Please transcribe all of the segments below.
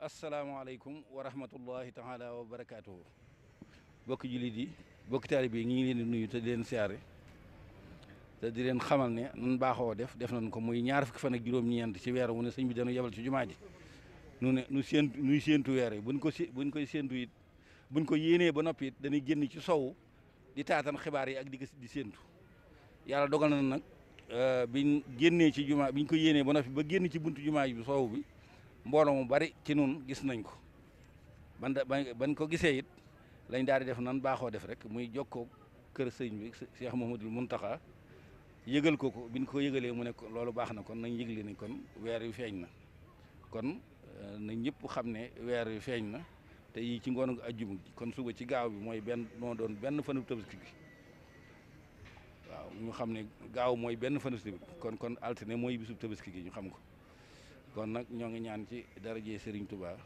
asalaamaaleykum wa rahmatullahi taala wa barakaatuhu bokki jullit yi bokki taalib bi ñu ngi leen di nuyu ta di leen siyaare te di leen xamal ne nun baaxoo def def nañ ko muy ñaar fukki fan ak juróom-ñeent ci weer wu ne sëñ bi dañu yebal ci jumaa ji nu ne nu séentu nuy séentu weer yi buñ ko si buñ koy séentu it buñ ko yéenee ba noppi it dañuy génn ci sow di taatan xibaar yi ak di di séentu yàlla dogal na nag euh, biñ génnee ci jumaa ñu ko yéenee ba noppi ba génn ci buntu jumaa ji bi sow bi mbooloo mu bari ci noonu gis nañ ko ban ban ko gisee it lañ daal di def nan baaxoo def rek muy jokkoo kër sëñ bi Cheikh mun Mountakha yëgal ko ko biñ ko yëgalee mu ne loolu baax na kon nañ yëgle nañ kon weer yu feeñ na kon euh, na ñëpp xam ne weer yu feeñ na te yii ci ngoonu ajjuma ji kon suba ci gaaw bi mooy benn moo doon benn fanu tabaski bi waaw ñu xam ne gaaw mooy benn fanu tabaski kon kon altine mooy bisub tabaski gi ñu xam ko kon nag ñoo ngi ñaan ci dara daraje sëriñ Touba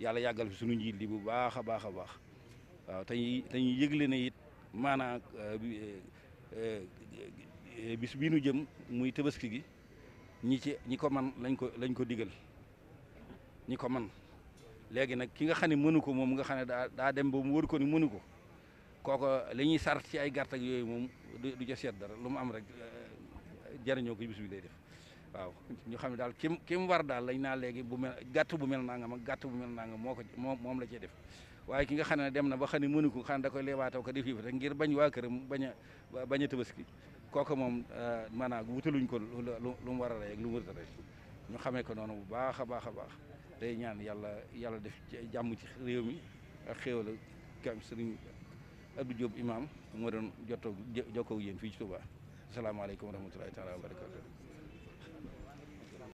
yàlla yàggal fi suñu njiit li bu baax a baax a baax waaw te ñuy te ñuy yëgle ne it maanaam euh, euh, bis bii nu jëm muy tabaski gi ñi ci ñi ko man lañ ko lañ ko digal ñi ko man léegi nag ki nga xam ne mënu ko moom nga xam ne daa daa dem ba mu wër ko ni mënu ko kooko lañuy ñuy sart ci ay gàtt yooyu moom du ca seet dara lu mu am rek euh, jariñoo ko bis bi lay def waaw ñu xam ne daal ki mu ki mu war daal lañ naa léegi bu mel gàtt bu mel nangam ak gàtt bu mel nangam moo ko moom moom la cee def waaye ki nga xam ne dem na ba xam ne mënu ko xam da koy leewaatoo ko def yi rek ngir bañ waa këram bañ a bañ a tabaski kooku moom euh, maanaam wutaluñ ko lu mu war a rey lu mu war a ñu xamee ko noonu bu baax a baax a baax day ñaan yàlla yàlla def jàmm ci réew mi ak la kam sëriñ Abdou Diop imam moo doon jottoo jokkoo yéen fii ci Touba asalaamaaleykum wa rahmatulahi taala wa barakatu